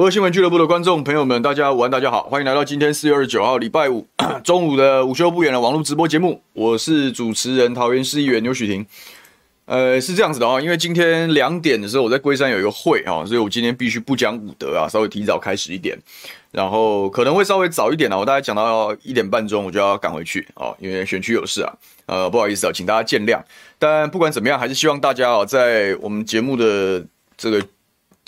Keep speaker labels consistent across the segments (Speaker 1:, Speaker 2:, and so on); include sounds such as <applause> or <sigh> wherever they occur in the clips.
Speaker 1: 各位新聞俱樂部的觀眾朋友們，大家午安，大家好，歡迎來到今天四月二十九號禮拜五 <coughs> 中午的午休不遠的網絡直播節目。我是主持人桃園市議員牛煦庭。呃，是這樣子的啊、哦，因為今天兩點的時候我在龜山有一個會啊、哦，所以我今天必須不講武德啊，稍微提早開始一點，然後可能會稍微早一點啊，我大概講到一點半鐘我就要趕回去啊，因為選區有事啊。呃，不好意思啊，請大家見諒。但不管怎麼樣，還是希望大家啊，在我們節目的這個。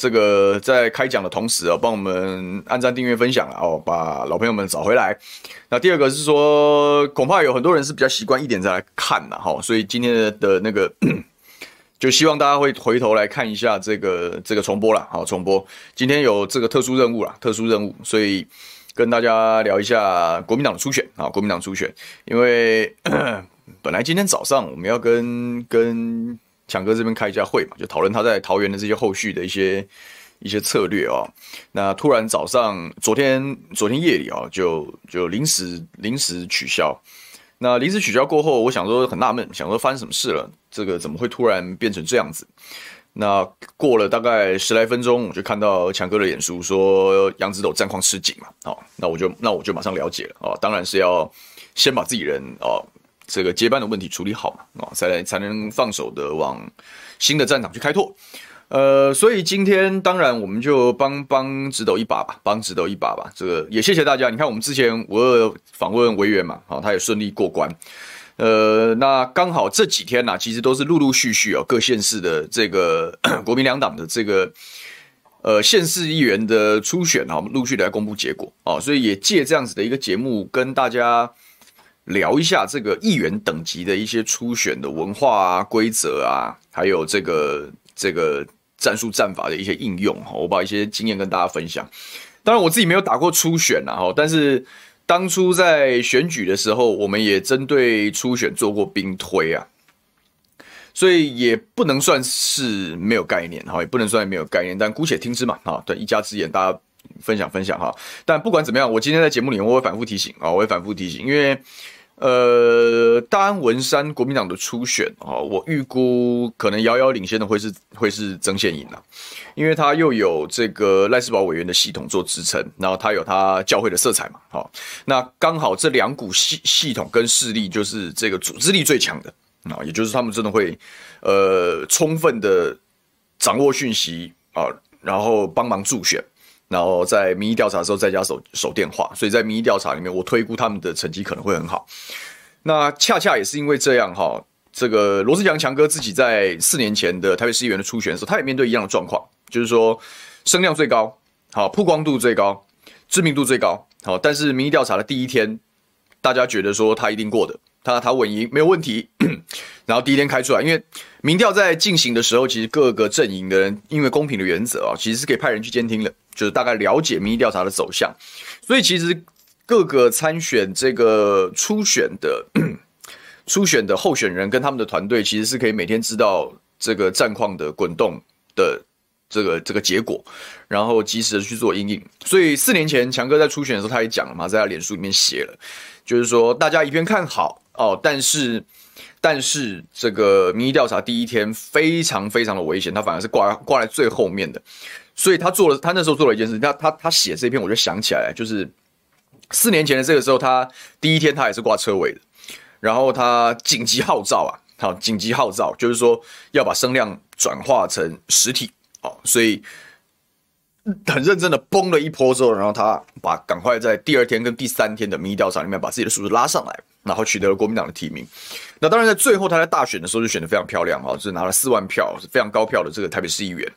Speaker 1: 這個在開講的同時啊，幫我們按讚、訂閱、分享了哦，把老朋友們找回來。那第二個是說，恐怕有很多人是比較習慣一點再來看了哈，所以今天的那個 <coughs> 就希望大家會回頭來看一下這個這個重播了，好重播。今天有這個特殊任務了，特殊任務，所以跟大家聊一下國民黨的初選啊，國民黨初選，因為本 <coughs> 來今天早上我們要跟跟。強哥這邊開一下會嘛，就討論他在桃園的這些後續的一些一些策略啊、哦。那突然早上，昨天昨天夜裡啊、哦，就就臨時臨時取消。那臨時取消過後，我想說很納悶，想說發生什麼事了？這個怎麼會突然變成這樣子？那過了大概十來分鐘，我就看到強哥的臉書說楊植斗戰況吃緊嘛。好、哦，那我就那我就馬上了解了啊、哦。當然是要先把自己人啊。哦這個接班的問題處理好嘛啊，才、哦、才能放手的往新的戰場去開拓，呃，所以今天當然我們就幫幫植斗一把吧，幫植斗一把吧，這個也謝謝大家。你看我們之前我訪問委員嘛，哦、他也順利過關，呃，那剛好這幾天吶、啊，其實都是陸陸續續啊、哦，各縣市的這個 <coughs> 國民兩黨的這個呃縣市議員的初選我們陸續來公布結果啊、哦，所以也借這樣子的一個節目跟大家。聊一下這個議員等級的一些初選的文化啊、規則啊，還有這個這個戰術戰法的一些應用哈，我把一些經驗跟大家分享。當然我自己沒有打過初選吶、啊、哈，但是當初在選舉的時候，我們也針對初選做過兵推啊，所以也不能算是沒有概念哈，也不能算是沒有概念，但姑且聽之嘛啊，對，一家之言大家。分享分享哈，但不管怎麼樣，我今天在節目裡面我會反覆提醒啊，我會反覆提醒，因為呃，大安文山國民黨的初選啊，我預估可能遙遙領先的會是會是曾獻瑩吶，因為他又有這個賴士葆委員的系統做支撐，然後他有他教會的色彩嘛，哈，那剛好這兩股系系統跟勢力就是這個組織力最強的啊，也就是他們真的會呃充分的掌握訊息啊，然後幫忙助選。然後在民意調查的時候再加手守電話，所以在民意調查裡面，我推估他們的成績可能會很好。那恰恰也是因為這樣哈，這個羅智強，強哥自己在四年前的台北市議員的初選的時候，他也面對一樣的狀況，就是說聲量最高，好，曝光度最高，知名度最高，好，但是民意調查的第一天，大家覺得說他一定過的，他他穩贏沒有問題。 <coughs> 然後第一天開出來，因為民調在進行的時候，其實各個陣營的人因為公平的原則啊，其實是可以派人去監聽的。就是大概了解民意調查的走向，所以其實各個參選這個初選的 <coughs> 初選的候選人跟他們的團隊其實是可以每天知道這個戰況的滾動的這個這個結果，然後及時的去做因應。所以四年前強哥在初選的時候，他也講了嘛，在他臉書裡面寫了，就是說大家一邊看好哦，但是但是這個民意調查第一天非常非常的危險，他反而是掛掛在最後面的。所以他做了，他那時候做了一件事情，他他他寫這篇，我就想起來，就是四年前的這個時候，他第一天他也是掛車尾的，然後他緊急號召啊，好，緊急號召就是說要把聲量轉化成實體，哦，所以很認真的崩了一波之後，然後他把趕快在第二天跟第三天的民意調查裡面把自己的數字拉上來，然後取得了國民黨的提名，那當然在最後他在大選的時候就選的非常漂亮，就是拿了四萬票，是非常高票的這個台北市議員。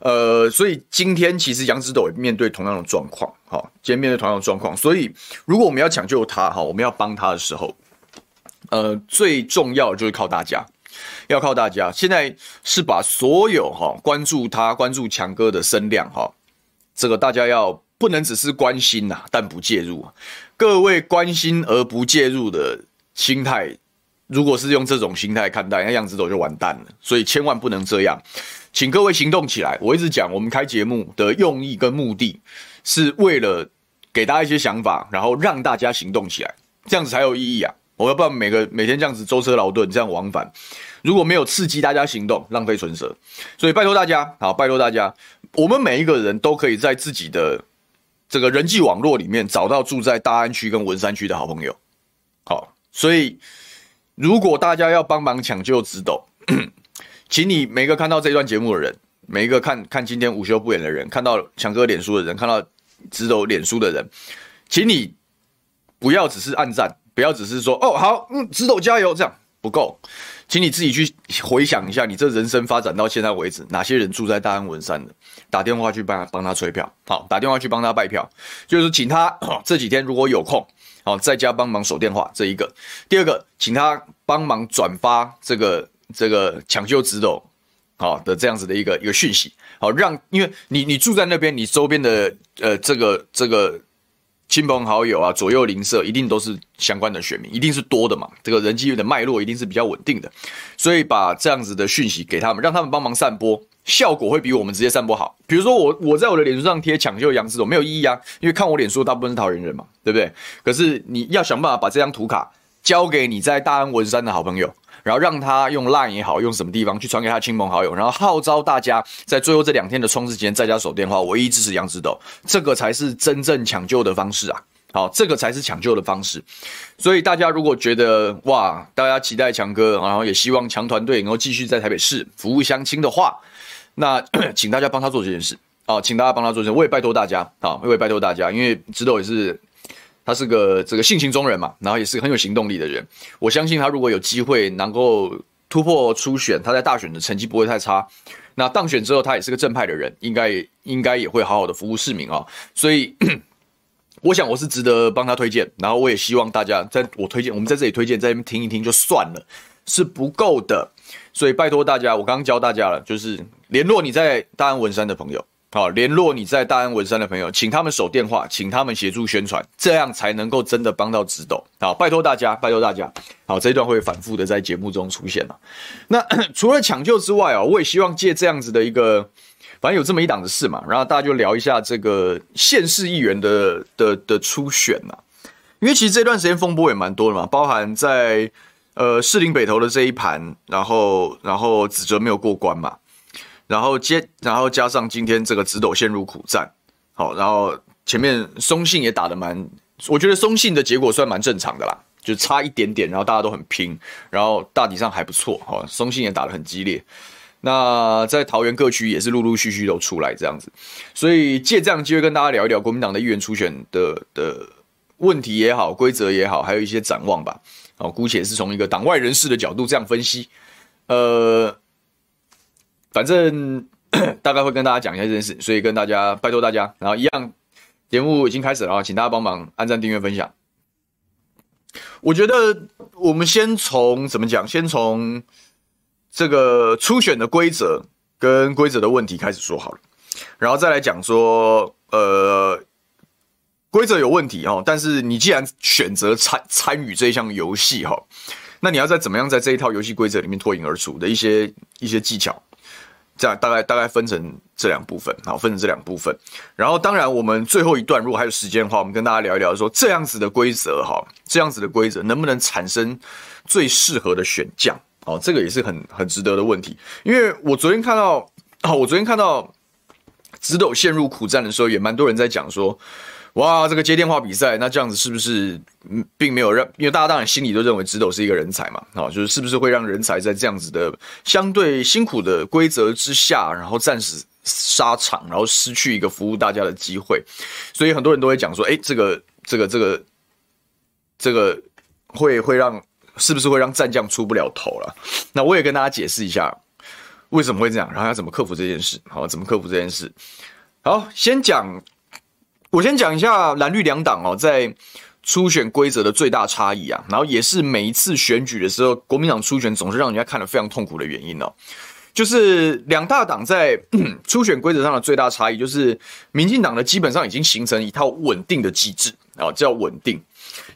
Speaker 1: 呃，所以今天其實楊植斗也面對同樣的狀況，哈，今天面對同樣的狀況，所以如果我們要搶救他，哈，我們要幫他的時候，呃，最重要的就是靠大家，要靠大家。現在是把所有哈關注他、關注強哥的聲量，哈，這個大家要不能只是關心吶、啊，但不介入、啊。各位關心而不介入的心態，如果是用這種心態看待，那楊植斗就完蛋了。所以千萬不能這樣。請各位行動起來！我一直講，我們開節目的用意跟目的是為了給大家一些想法，然後讓大家行動起來，這樣子才有意義啊！我要不然每個每天這樣子舟車勞頓，這樣往返，如果沒有刺激大家行動，浪費唇舌。所以拜托大家，好，拜托大家，我們每一個人都可以在自己的這個人際網絡裡面找到住在大安區跟文山區的好朋友，好。所以如果大家要幫忙搶救植斗。 <coughs> 請你每一個看到這一段節目的人，每一個看看今天午休不演的人，看到強哥臉書的人，看到植斗臉書的人，請你不要只是按贊，不要只是說哦好，嗯，植斗加油，這樣不夠，請你自己去回想一下，你這人生發展到現在為止，哪些人住在大安文山的，打電話去幫幫他催票，好，打電話去幫他拜票，就是請他這幾天如果有空，好，在家幫忙守電話，這一個，第二個，請他幫忙轉發這個。這個搶救植斗，好，的這樣子的一個一個訊息，好，讓因為你你住在那邊，你周邊的呃這個這個親朋好友啊，左右鄰舍一定都是相關的選民，一定是多的嘛，這個人際的脈絡一定是比較穩定的，所以把這樣子的訊息給他們，讓他們幫忙散播，效果會比我們直接散播好。比如說我我在我的臉書上貼搶救楊植斗沒有意義啊，因為看我臉書大部分是桃園人、人嘛，對不對？可是你要想辦法把這張圖卡交給你在大安文山的好朋友。然後讓他用 LINE 也好，用什麼地方去傳給他親朋好友，然後號召大家在最後這兩天的衝刺期間在家守電話，唯一支持楊植斗，這個才是真正搶救的方式啊！好、哦，這個才是搶救的方式。所以大家如果覺得哇，大家期待強哥，然後也希望強團隊能夠繼續在台北市服務鄉親的話，那請大家幫他做這件事啊！請大家幫他做這件事,、哦、事，我也拜托大家好、哦，我也拜托大家，因為植斗也是。他是個這個性情中人嘛，然後也是個很有行動力的人。我相信他如果有機會能夠突破初選，他在大選的成績不會太差。那當選之後，他也是個正派的人，應該應該也會好好的服務市民哦。所以， <coughs> 我想我是值得幫他推薦。然後我也希望大家，在我推薦，我們在這裡推薦，在那邊聽一聽就算了，是不夠的。所以拜託大家，我剛剛教大家了，就是聯絡你在大安文山的朋友。好，聯絡你在大安文山的朋友，請他們守電話，請他們協助宣傳，這樣才能夠真的幫到植斗。好，拜托大家，拜托大家。好，這一段會反復的在節目中出現。啊、那 <coughs> 除了搶救之外啊，我也希望借這樣子的一個，反正有這麼一檔子事嘛，然後大家就聊一下這個縣市議員的的的初選吶，啊，因為其實這段時間風波也蠻多的嘛，包含在呃士林北投的這一盤，然後然後子哲沒有過關嘛。然後接，然後加上今天這個植斗陷入苦戰，好、哦，然後前面松信也打得蠻，我覺得松信的結果算蠻正常的啦，就差一點點，然後大家都很拼，然後大體上還不錯，好、哦，松信也打得很激烈，那在桃園各區也是陸陸續續都出來這樣子，所以借這樣機會跟大家聊一聊國民黨的議員初選的的問題也好，規則也好，還有一些展望吧，哦，姑且是從一個黨外人士的角度這樣分析，呃。反正 <coughs> 大概會跟大家講一下這件事，所以跟大家拜托大家，然後一樣，節目已經開始了啊，請大家幫忙按讚、訂閱、分享。我覺得我們先從怎麼講，先從這個初選的規則跟規則的問題開始說好了，然後再來講說，呃，規則有問題哦，但是你既然選擇參參與這一項遊戲哈，那你要在怎麼樣在這一套遊戲規則裡面脫穎而出的一些一些技巧。這樣大概大概分成這兩部分，好，分成這兩部分。然後當然，我們最後一段如果還有時間的話，我們跟大家聊一聊，說這樣子的規則，哈，這樣子的規則能不能產生最適合的選將？哦，這個也是很很值得的問題。因為我昨天看到，哦，我昨天看到，植斗陷入苦戰的時候，也蠻多人在講說，哇，這個接電話比賽，那這樣子是不是，並沒有讓，因為大家當然心裡都認為植斗是一個人才嘛，啊，就是是不是會讓人才在這樣子的相對辛苦的規則之下，然後戰死沙場，然後失去一個服務大家的機會，所以很多人都會講說，哎、欸，這個這個這個這個會會讓，是不是會讓戰將出不了頭了？那我也跟大家解釋一下，為什麼會這樣，然後要怎麼克服這件事，好，怎麼克服這件事，好，先講。我先講一下藍綠兩黨哦，在初選規則的最大差異啊，然後也是每一次選舉的時候，國民黨初選總是讓人家看得非常痛苦的原因哦，就是兩大黨在、嗯、初選規則上的最大差異，就是民進黨的基本上已經形成一套穩定的機制啊，叫穩定，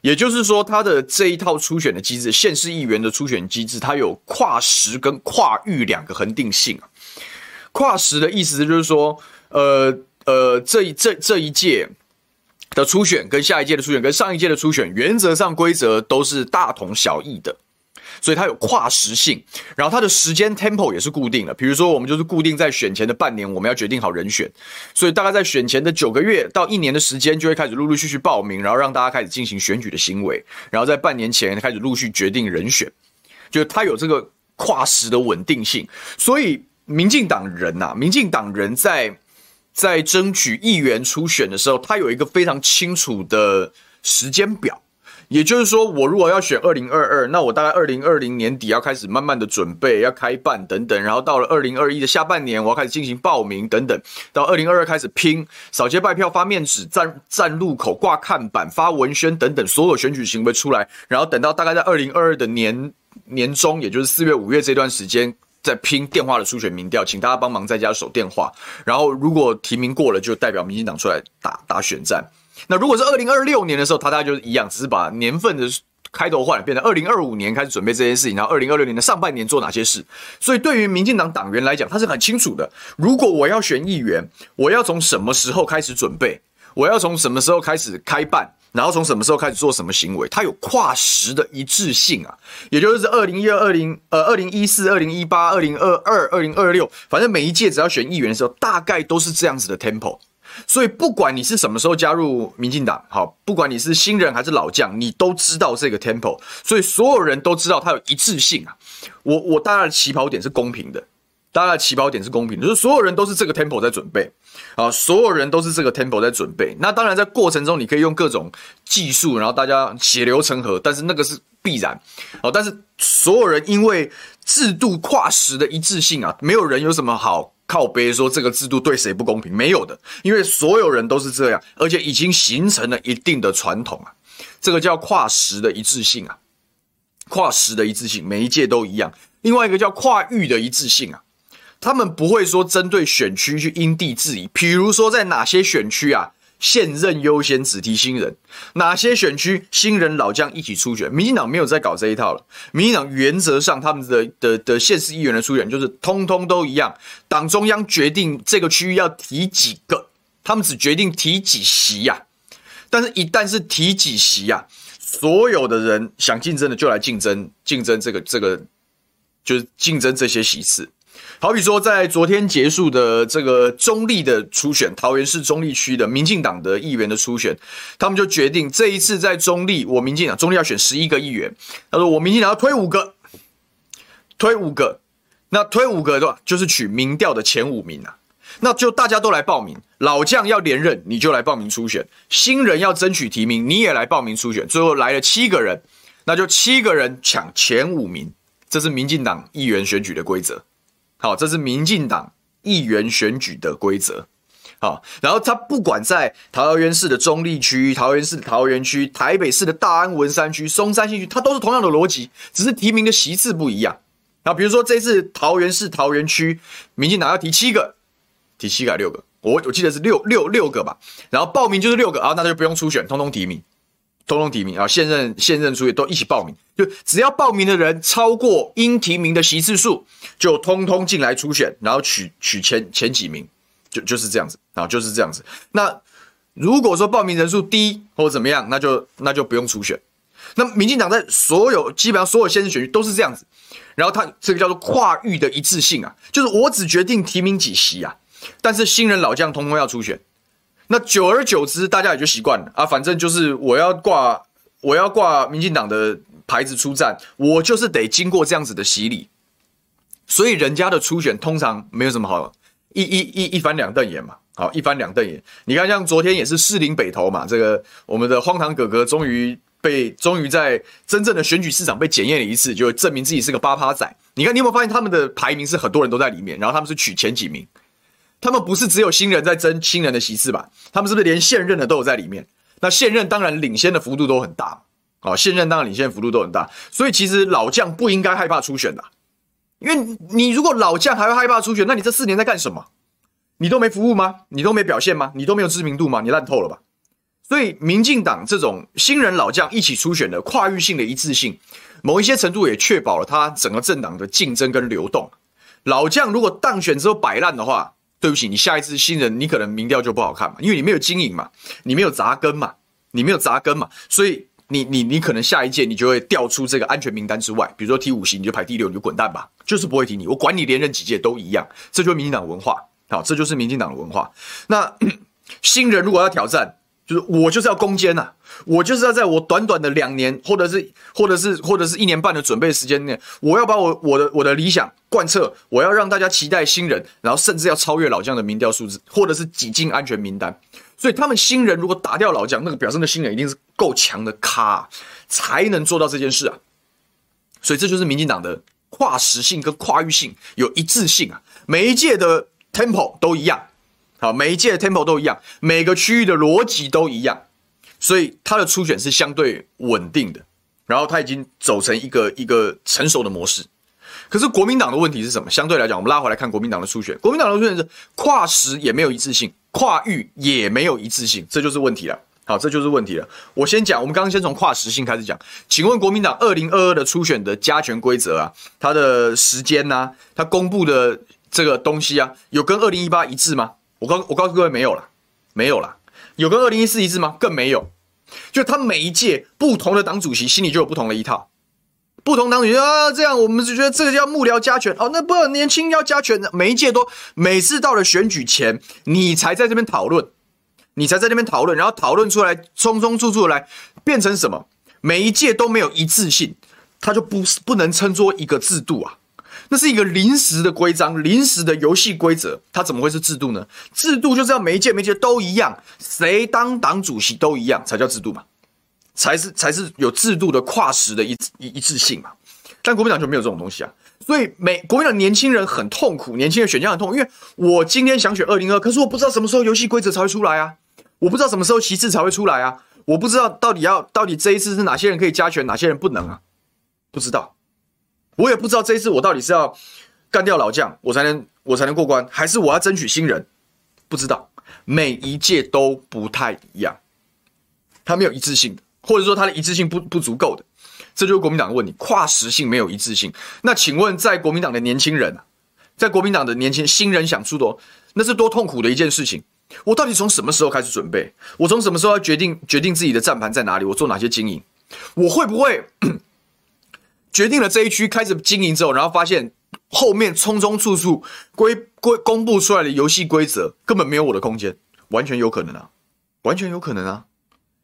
Speaker 1: 也就是說，他的這一套初選的機制，縣市議員的初選機制，它有跨時跟跨域兩個恆定性。跨時的意思就是說，呃。呃，這一這這一屆的初選跟下一屆的初選跟上一屆的初選，原則上規則都是大同小異的，所以它有跨時性。然後它的時間 tempo 也是固定的，比如說我們就是固定在選前的半年，我們要決定好人選，所以大概在選前的九個月到一年的時間，就會開始陸陸續續報名，然後讓大家開始進行選舉的行為，然後在半年前開始陸續決定人選，就是它有這個跨時的穩定性。所以民進黨人吶、啊，民進黨人在。在爭取議員初選的時候，他有一個非常清楚的時間表，也就是說，我如果要選二零二二，那我大概二零二零年底要開始慢慢的準備，要開辦等等，然後到了二零二一的下半年，我要開始進行報名等等，到二零二二開始拼，掃街拜票、發面紙、站站路口、掛看板、發文宣等等，所有選舉行為出來，然後等到大概在二零二二的年年中，也就是四月、五月這段時間。在拼電話的初選民調，請大家幫忙在家守電話。然後如果提名過了，就代表民進黨出來打打選戰。那如果是二零二六年的時候，他大概就是一樣，只是把年份的開頭換了，變成二零二五年開始準備這些事情，然後二零二六年的上半年做哪些事。所以對於民進黨黨員來講，他是很清楚的：如果我要選議員，我要從什麼時候開始準備？我要從什麼時候開始開辦？然後從什麼時候開始做什麼行為，它有跨時的一致性啊，也就是二零一二、二零呃、二零一四、二零一八、二零二二、二零二六，反正每一屆只要選議員的時候，大概都是這樣子的 tempo。所以不管你是什麼時候加入民進黨，好，不管你是新人還是老將，你都知道這個 tempo，所以所有人都知道它有一致性啊。我我大家的起跑點是公平的。大家的起跑點是公平的，就是所有人都是這個 tempo 在準備啊，所有人都是這個 tempo 在準備啊。那當然，在過程中你可以用各種技術，然後大家血流成河，但是那個是必然啊。但是所有人因為制度跨時的一致性啊，沒有人有什麼好靠北說這個制度對誰不公平，沒有的，因為所有人都是這樣，而且已經形成了一定的傳統啊。這個叫跨時的一致性啊，跨時的一致性，每一屆都一樣。另外一個叫跨域的一致性啊。他們不會說針對選區去因地制宜，比如說在哪些選區啊，現任優先只提新人；哪些選區新人老將一起出選。民進黨沒有在搞這一套了。民進黨原則上他們的的的縣市議員的出選就是通通都一樣，黨中央決定這個區域要提幾個，他們只決定提幾席呀。但是，一旦是提幾席呀，所有的人想競爭的就來競爭，競爭這個這個就是競爭這些席次。好比說，在昨天結束的這個中壢的初選，桃園市中壢區的民進黨的議員的初選，他們就決定這一次在中壢，我民進黨中壢要選十一個議員。他說，我民進黨要推五個，推五個，那推五個的話，就是取民調的前五名啊。那就大家都來報名，老將要連任你就來報名初選，新人要爭取提名你也來報名初選。最後來了七個人，那就七個人搶前五名。這是民進黨議員選舉的規則。好，這是民進黨議員選舉的規則。好，然後他不管在桃園市的中壢區、桃園市的桃園區、台北市的大安、文山區、松山信義區，他都是同樣的邏輯，只是提名的席次不一樣。那比如說這次桃園市桃園區，民進黨要提七個，提七個還六個，我我記得是六六六個吧。然後報名就是六個啊，然後那就不用初選，通通提名。通通提名啊，現任現任出選都一起報名，就只要報名的人超過應提名的席次數，就通通進來初選，然後取取前前幾名，就就是這樣子啊，就是這樣子。那如果說報名人數低或怎麼樣，那就那就不用初選。那民進黨在所有基本上所有現任選區都是這樣子，然後他這個叫做跨域的一致性啊，就是我只決定提名幾席啊，但是新人老將通通要初選。那久而久之，大家也就習慣了啊，反正就是我要掛，我要掛民進黨的牌子出戰，我就是得經過這樣子的洗禮。所以人家的初選通常沒有什麼好一一一一翻兩瞪眼嘛，好一翻兩瞪眼。你看，像昨天也是士林北投嘛，這個我們的荒唐哥哥終於被終於在真正的選舉市場被檢驗了一次，就證明自己是個八趴仔。你看，你有沒有發現他們的排名是很多人都在裡面，然後他們是取前幾名。他們不是只有新人在爭新人的席次吧？他們是不是連現任的都有在裡面？那現任當然領先的幅度都很大啊、哦！現任當然領先的幅度都很大，所以其實老將不應該害怕初選的，因為你如果老將還會害怕初選，那你這四年在幹什麼？你都沒服務嗎？你都沒表現嗎？你都沒有知名度嗎？你爛透了吧？所以民進黨這種新人老將一起初選的跨域性的一致性，某一些程度也確保了他整個政黨的競爭跟流動。老將如果當選之後擺爛的話，對不起，你下一次新人，你可能民調就不好看嘛，因為你沒有經營嘛，你沒有扎根嘛，你沒有扎根嘛，所以你你你可能下一屆你就會掉出這個安全名單之外，比如說提五席你就排第六，你就滾蛋吧，就是不會提你，我管你連任幾屆都一樣，這就是民進黨文化，好，這就是民進黨的文化。那 <coughs> 新人如果要挑戰。就是我就是要攻堅吶、啊，我就是要在我短短的兩年，或者是或者是或者是一年半的準備時間內，我要把我我的我的理想貫徹，我要讓大家期待新人，然後甚至要超越老將的民調數字，或者是擠進安全名單。所以他們新人如果打掉老將，那個表示的新人一定是夠強的咖，才能做到這件事啊。所以這就是民進黨的跨時性跟跨域性有一致性啊，每一屆的 tempo 都一樣。好，每一屆的 tempo 都一樣，每個區域的邏輯都一樣，所以它的初選是相對穩定的。然後它已經走成一個一個成熟的模式。可是國民黨的問題是什麼？相對來講，我們拉回來看國民黨的初選，國民黨的初選是跨時也沒有一致性，跨域也沒有一致性，這就是問題了。好，這就是問題了。我先講，我們剛剛先從跨時性開始講。請問國民黨二零二二的初選的加權規則啊，它的時間吶，啊，它公布的這個東西啊，有跟二零一八一致嗎？我告我告訴各位，沒有了。沒有了。有跟二零一四一致嗎？更沒有。就他每一屆不同的黨主席心裡就有不同的一套，不同黨主席啊，這樣，我們就覺得這個叫幕僚加權哦，那不年輕要加權的，每一屆都每次到了選舉前，你才在這邊討論，你才在這邊討論，然後討論出來，匆匆促促來變成什麼？每一屆都沒有一致性，它就不不能稱作一個制度啊。那是一個臨時的規章，臨時的遊戲規則，它怎麼會是制度呢？制度就是要每一屆每一屆都一樣，誰當黨主席都一樣，才叫制度嘛，才是才是有制度的跨時的一一一,一致性嘛。但國民黨就沒有這種東西啊，所以美國民黨年輕人很痛苦，年輕人選項很痛，因為我今天想選二零二，可是我不知道什麼時候遊戲規則才會出來啊，我不知道什麼時候旗幟才會出來啊，我不知道到底要到底這一次是哪些人可以加權，哪些人不能啊，不知道。我也不知道這一次我到底是要幹掉老將，我才能我才能過關，還是我要爭取新人？不知道，每一屆都不太一樣，它沒有一致性，或者說它的一致性不不足夠的，這就是國民黨的問題，跨時性沒有一致性。那請問，在國民黨的年輕人，在國民黨的年輕人，新人想出的，那是多痛苦的一件事情。我到底從什麼時候開始準備？我從什麼時候要決定決定自己的戰盤在哪裡？我做哪些經營？我會不會？ <coughs> 決定了這一區開始經營之後，然後發現後面匆匆處處規規公布出來的遊戲規則根本沒有我的空間，完全有可能啊，完全有可能啊！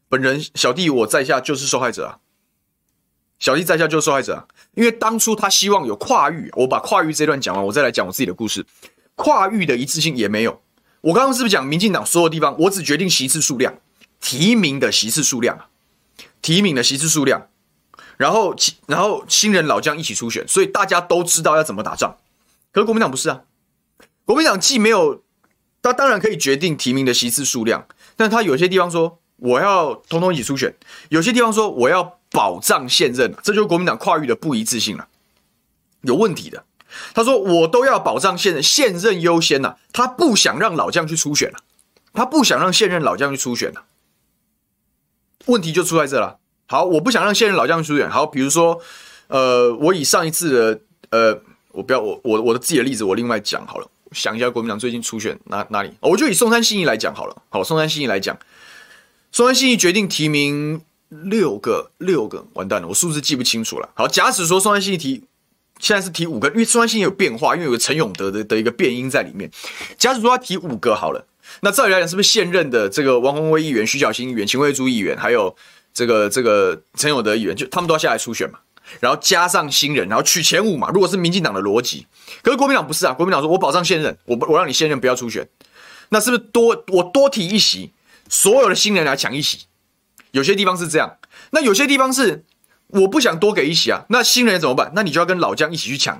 Speaker 1: 本人小弟我在下就是受害者啊，小弟在下就是受害者啊，因為當初他希望有跨域，我把跨域這段講完，我再來講我自己的故事，跨域的一致性也沒有。我剛剛是不是講民進黨所有地方，我只決定席次數量，提名的席次數量，提名的席次數量。然後，然後新人老將一起初選，所以大家都知道要怎麼打仗。可是國民黨不是啊，國民黨既沒有，他當然可以決定提名的席次數量，但他有些地方說，我要通通一起初選，有些地方說，我要保障現任，這就是國民黨跨域的不一致性了，有問題的。他說我都要保障現任，現任優先啊，他不想讓老將去初選了、啊，他不想讓現任老將去初選了、啊，問題就出在這了。好，我不想讓現任老將出院。好，比如說，呃，我以上一次的，呃，我不要我我我的自己的例子，我另外講好了。想一下，國民黨最近初選哪哪裡、哦？我就以松山信義來講好了。好，松山信義來講，松山信義決定提名六個六個，完蛋了，我數字記不清楚了。好，假使說松山信義提現在是提五個，因為松山信義有變化，因為有個陳永德的的一個變因在裡面。假使說他提五個好了，那照理來講，是不是現任的這個王鴻薇議員、徐小新議員、秦慧珠議員，還有？這個這個陳友德議員就他們都要下來初選嘛，然後加上新人，然後取前五嘛。如果是民進黨的邏輯，可是國民黨不是啊。國民黨說我保障現任，我我讓你現任不要初選，那是不是多我多提一席，所有的新人來搶一席？有些地方是這樣，那有些地方是我不想多給一席啊。那新人怎麼辦？那你就要跟老將一起去搶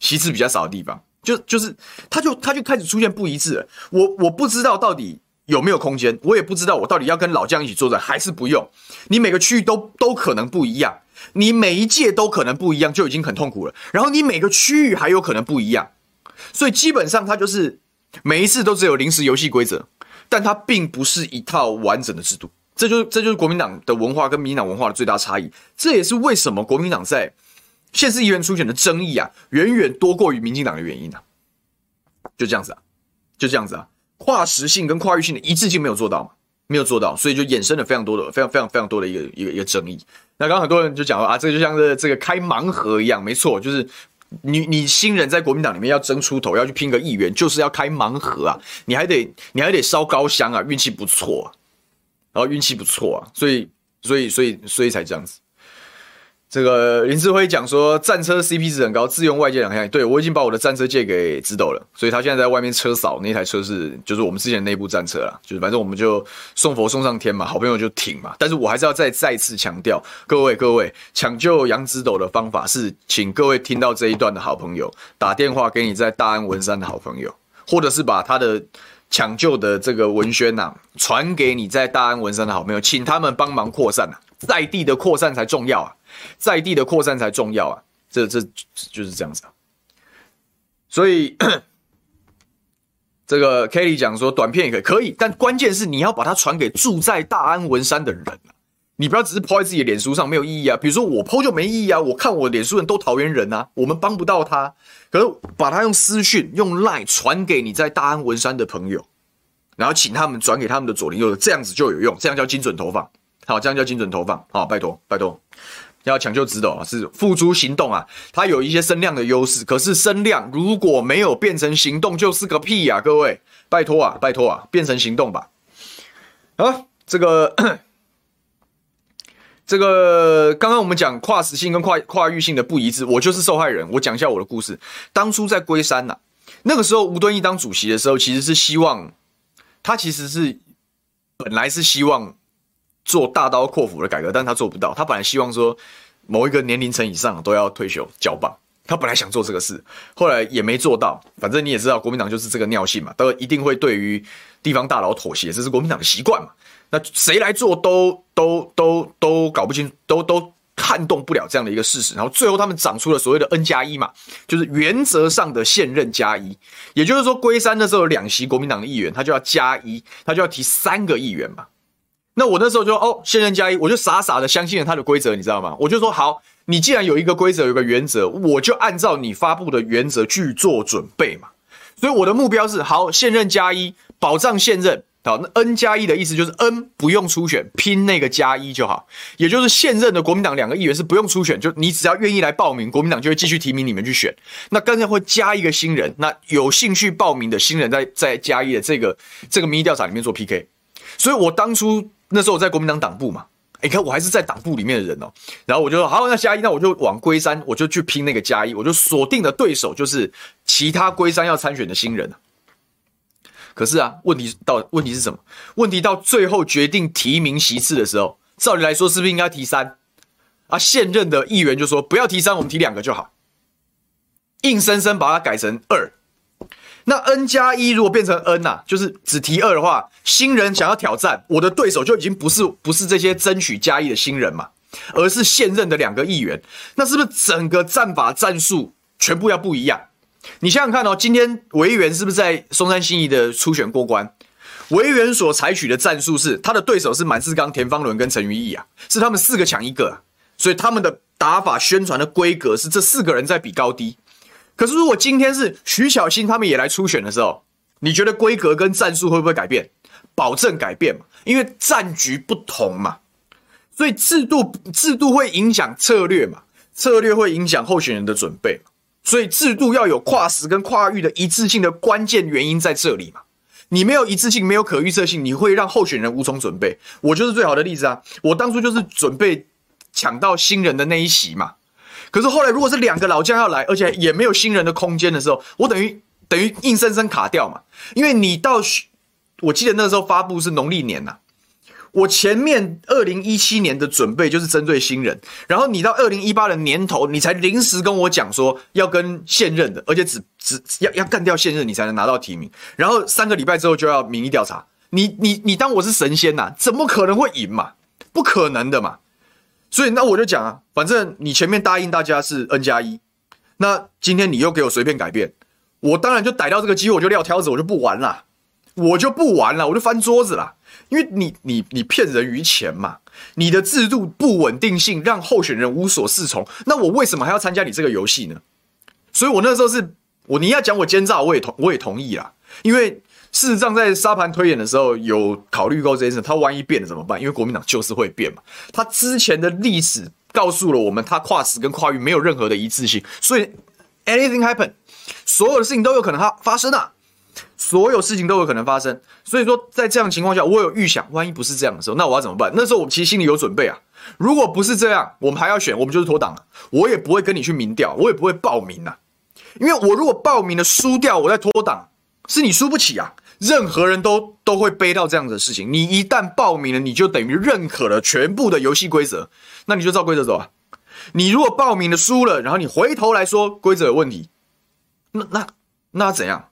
Speaker 1: 席次比較少的地方，就就是他就他就開始出現不一致了。我我不知道到底。有沒有空間？我也不知道，我到底要跟老將一起作戰還是不用？你每個區域都都可能不一樣，你每一屆都可能不一樣，就已經很痛苦了。然後你每個區域還有可能不一樣，所以基本上它就是每一次都只有臨時遊戲規則，但它並不是一套完整的制度。這就這就是國民黨的文化跟民進黨文化的最大差異。這也是為什麼國民黨在縣市議員初選的爭議啊，遠遠多過於民進黨的原因啊。就這樣子啊，就這樣子啊。跨時性跟跨域性的一致性沒有做到，沒有做到，所以就衍生了非常多的、非常非常非常多的一個一個一個爭議。那剛剛很多人就講說啊，這個、就像、這個、這個開盲盒一樣，沒錯，就是你你新人在國民黨裡面要爭出頭，要去拼個議員，就是要開盲盒啊，你還得你還得燒高香啊，運氣不錯，然後運氣不錯啊，所以所以所以所以才這樣子。這個林志輝講說戰車 CP 值很高，自用外借兩台。對，我已經把我的戰車借給植斗了，所以他現在在外面車少。那台車是就是我們之前的內部戰車啦，就是反正我們就送佛送上天嘛，好朋友就挺嘛。但是我還是要再再次強調，各位各位，搶救楊植斗的方法是，請各位聽到這一段的好朋友打電話給你在大安文山的好朋友，或者是把他的搶救的這個文宣吶、啊、傳給你在大安文山的好朋友，請他們幫忙擴散啊，在地的擴散才重要啊。在地的擴散才重要啊，這這就是這樣子、啊。所以 <coughs> 這個 Kelly 講說，短片也可以，可以，但關鍵是你要把它傳給住在大安文山的人、啊、你不要只是拋在自己的臉書上，沒有意義啊。比如說我拋就沒意義啊，我看我臉書人都討厭人啊，我們幫不到他。可是把它用私訊、用 LINE 傳給你在大安文山的朋友，然後請他們轉給他們的左鄰右舍，這樣子就有用，這樣叫精準投放。好，這樣叫精準投放。好，拜託，拜託。要搶救植斗是付諸行動啊！它有一些聲量的優勢，可是聲量如果沒有變成行動，就是個屁啊！各位，拜托啊，拜托啊，變成行動吧！好、啊，這個 <coughs> 這個，剛剛我們講跨時性跟跨跨域性的不一致，我就是受害人。我講一下我的故事：當初在龜山吶、啊，那個時候吳敦義當主席的時候，其實是希望他其實是本來是希望。做大刀闊斧的改革，但他做不到。他本來希望說，某一個年齡層以上都要退休交棒，他本來想做這個事，後來也沒做到。反正你也知道，國民黨就是這個尿性嘛，都一定會對於地方大佬妥協，這是國民黨的習慣嘛。那誰來做都都都都，都搞不清，都都撼動不了這樣的一個事實。然後最後他們長出了所謂的 N 加一嘛，就是原則上的現任加一，也就是說，龜山那時候兩席國民黨的議員，他就要加一，他就要提三個議員嘛。那我那時候就哦，現任加一，我就傻傻的相信了他的規則，你知道嗎？我就說好，你既然有一個規則，有一個原則，我就按照你發佈的原則去做準備嘛。所以我的目標是好現任加一，保障現任。好，那 N 加一的意思就是 N 不用初選，拼那個加一就好，也就是現任的國民黨兩個議員是不用初選，就你只要願意來報名，國民黨就會繼續提名你們去選。那剛才會加一個新人，那有興趣報名的新人在在加一的這個這個民意調查裡面做 PK。所以我當初。那時候我在國民黨黨部嘛，你、欸、看我還是在黨部裡面的人哦、喔。然後我就說好，那加一，那我就往龜山，我就去拼那個加一，我就鎖定的對手就是其他龜山要參選的新人。可是啊，問題到問題是什麼？問題到最後決定提名席次的時候，照理來說是不是應該提三？啊，現任的議員就說不要提三，我們提兩個就好，硬生生把它改成二。那 N 加一如果變成 N 吶、啊，就是只提二的話，新人想要挑戰我的對手就已經不是不是這些爭取加一的新人嘛，而是現任的兩個議員。那是不是整個戰法戰術全部要不一樣？你想想看哦，今天維園是不是在松山信義的初選過關？維園所採取的戰術是他的對手是滿志剛、田方倫跟陳於毅啊，是他們四個搶一個，所以他們的打法宣傳的規格是這四個人在比高低。可是，如果今天是徐小新他們也來初選的時候，你覺得規格跟戰術會不會改變？保證改變嘛，因為戰局不同嘛，所以制度制度會影響策略嘛，策略會影響候選人的準備嘛，所以制度要有跨時跟跨域的一致性的關鍵原因在這裡嘛。你沒有一致性，沒有可預測性，你會讓候選人無從準備。我就是最好的例子啊，我當初就是準備搶到新人的那一席嘛。可是後來，如果是兩個老將要來，而且也沒有新人的空間的時候，我等於等於硬生生卡掉嘛。因為你到，我記得那個時候發布是農曆年吶。我前面二零一七年的準備就是針對新人，然後你到二零一八的年頭，你才臨時跟我講說要跟現任的，而且只只要要幹掉現任，你才能拿到提名。然後三個禮拜之後就要民意調查，你你你當我是神仙吶？怎麼可能會贏嘛？不可能的嘛！所以那我就講啊，反正你前面答應大家是 N 加一，那今天你又給我隨便改變，我當然就逮到這個機會，我就撂挑子，我就不玩了，我就不玩了，我就翻桌子了。因為你你你騙人於前嘛，你的制度不穩定性讓候選人無所適從，那我為什麼還要參加你這個遊戲呢？所以我那時候是我你要講我奸詐，我也同我也同意啦，因為。事實上，在沙盤推演的時候，有考慮過這件事。他萬一變了怎麼辦？因為國民黨就是會變嘛。他之前的歷史告訴了我們，他跨時跟跨域沒有任何的一致性。所以，anything happen，所有的事情都有可能他發生啊。所有事情都有可能發生。所以說，在這樣情況下，我有預想，萬一不是這樣的時候，那我要怎麼辦？那時候我其實心裡有準備啊。如果不是這樣，我們還要選，我們就是脫黨。我也不會跟你去民調，我也不會報名啊。因為我如果報名了輸掉，我再脫黨，是你輸不起啊。任何人都都會背到這樣子的事情。你一旦報名了，你就等於認可了全部的遊戲規則，那你就照規則走啊。你如果報名的輸了，然後你回頭來說規則有問題，那那那要怎樣？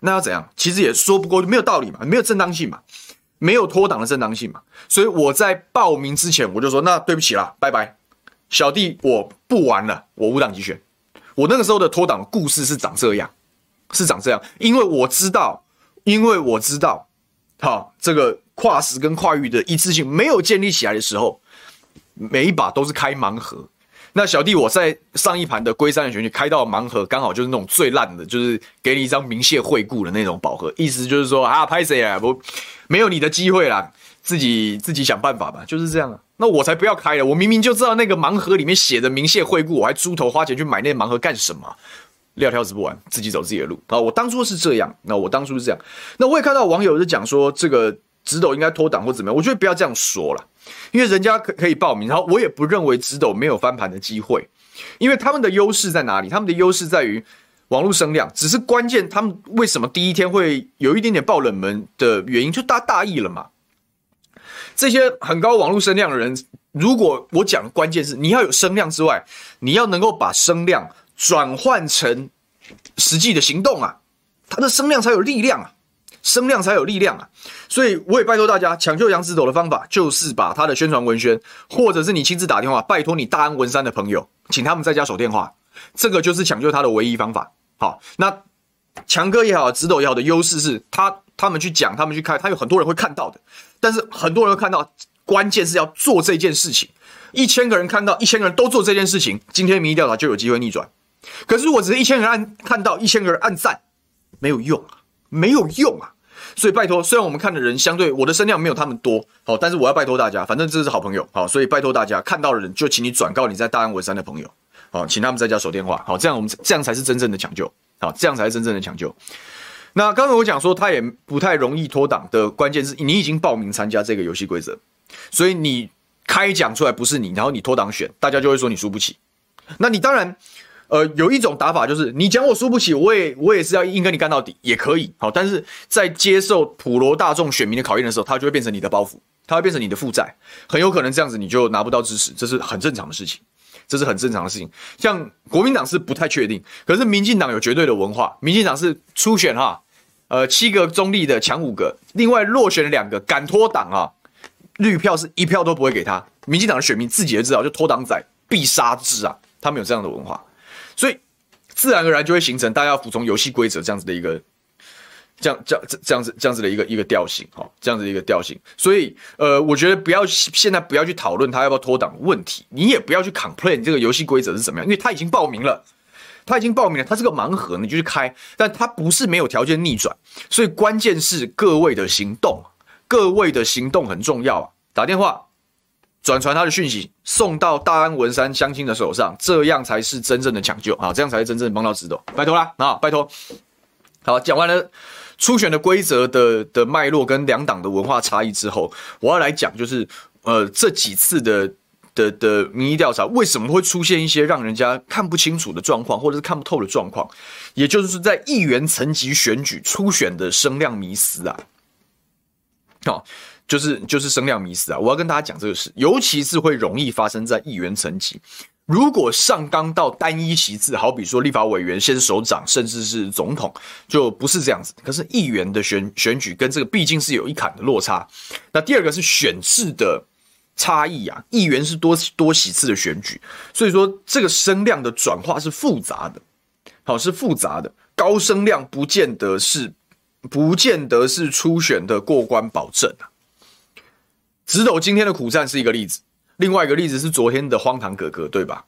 Speaker 1: 那要怎樣？其實也說不過沒有道理嘛，沒有正當性嘛，沒有脫黨的正當性嘛。所以我在報名之前，我就說：那對不起啦，拜拜，小弟我不玩了，我無黨籍選。我那個時候的脫黨的故事是長這樣，是長這樣，因為我知道。因為我知道，哈，這個跨時跟跨域的一致性沒有建立起來的時候，每一把都是開盲盒。那小弟我在上一盤的龜山的選舉開到的盲盒，剛好就是那種最爛的，就是給你一張銘謝惠顧的那種寶盒，意思就是說啊，拍謝啊，不，沒有你的機會啦，自己自己想辦法吧，就是這樣。那我才不要開了，我明明就知道那個盲盒裡面寫的銘謝惠顧，我還豬頭花錢去買那盲盒幹什麼？撂挑子不玩，自己走自己的路。好，我當初是這樣，那我當初是這樣，那我也看到網友就講說這個植斗應該脫黨或怎麼樣，我覺得不要這樣說了，因為人家可可以報名，然後我也不認為植斗沒有翻盤的機會，因為他們的優勢在哪裡？他們的優勢在於網絡聲量，只是關鍵他們為什麼第一天會有一點點爆冷門的原因，就大大意了嘛。這些很高網絡聲量的人，如果我講的關鍵是你要有聲量之外，你要能夠把聲量，轉換成實際的行動啊，他的聲量才有力量啊，聲量才有力量啊，所以我也拜托大家，搶救楊植斗的方法就是把他的宣傳文宣，或者是你親自打電話拜托你大安文山的朋友，請他們在家守電話，這個就是搶救他的唯一方法。好，那強哥也好，植斗也好的優勢是他他們去講，他們去開，他有很多人會看到的，但是很多人會看到，關鍵是要做這件事情，一千個人看到，一千個人都做這件事情，今天民意調查就有機會逆轉。可是，我只是一千人按看到一千個人按讚，沒有用啊，沒有用啊。所以拜托，雖然我們看的人相對我的聲量沒有他們多，好、哦，但是我要拜托大家，反正這是好朋友，好、哦，所以拜托大家看到的人就請你轉告你在大安文山的朋友，好、哦，請他們在家守電話，好、哦，這樣我們這樣才是真正的搶救，好、哦，這樣才是真正的搶救。那剛才我講說，他也不太容易脫黨的關鍵是你已經報名參加這個遊戲規則，所以你開獎出來不是你，然後你脫黨選，大家就會說你輸不起，那你當然。呃，有一種打法就是你講，我輸不起，我也我也是要硬跟你幹到底，也可以好。但是在接受普羅大眾選民的考驗的時候，他就會變成你的包袱，他會變成你的負債，很有可能這樣子你就拿不到支持，這是很正常的事情，這是很正常的事情。像國民黨是不太確定，可是民進黨有絕對的文化，民進黨是初選哈，呃，七個中立的搶五個，另外落選了兩個敢脫黨啊，綠票是一票都不會給他，民進黨的選民自己也知道，就脫黨仔必殺之啊，他們有這樣的文化。所以，自然而然就會形成大家要服從遊戲規則這樣子的一個，這樣、這樣、這、這樣子、這樣子的一個一個調性，哈，這樣子一個調性。所以，呃，我覺得不要現在不要去討論他要不要脫黨問題，你也不要去 complain 你這個遊戲規則是怎麼樣，因為他已經報名了，他已經報名了，他是個盲盒，你就去開，但他不是沒有條件逆轉，所以關鍵是各位的行動，各位的行動很重要啊，打電話。轉傳他的訊息，送到大安文山鄉親的手上，這樣才是真正的搶救啊！這樣才是真正幫到植斗，拜託啦！啊，拜託！好，講完了初選的規則的的脈絡跟兩黨的文化差異之後，我要來講就是，呃，這幾次的的的民意調查為什麼會出現一些讓人家看不清楚的狀況，或者是看不透的狀況，也就是在議員層級選舉初選的聲量迷思啊！好。就是就是聲量迷思啊！我要跟大家講這個事，尤其是會容易發生在議員層級。如果上綱到單一席次，好比說立法委員、縣市首長，甚至是總統，就不是這樣子。可是議員的選選舉跟這個畢竟是有一坎的落差。那第二個是選制的差異啊，議員是多多席次的選舉，所以說這個聲量的轉化是複雜的，好、哦、是複雜的。高聲量不見得是不見得是初選的過關保證、啊植斗今天的苦戰是一個例子，另外一個例子是昨天的荒唐哥哥，對吧？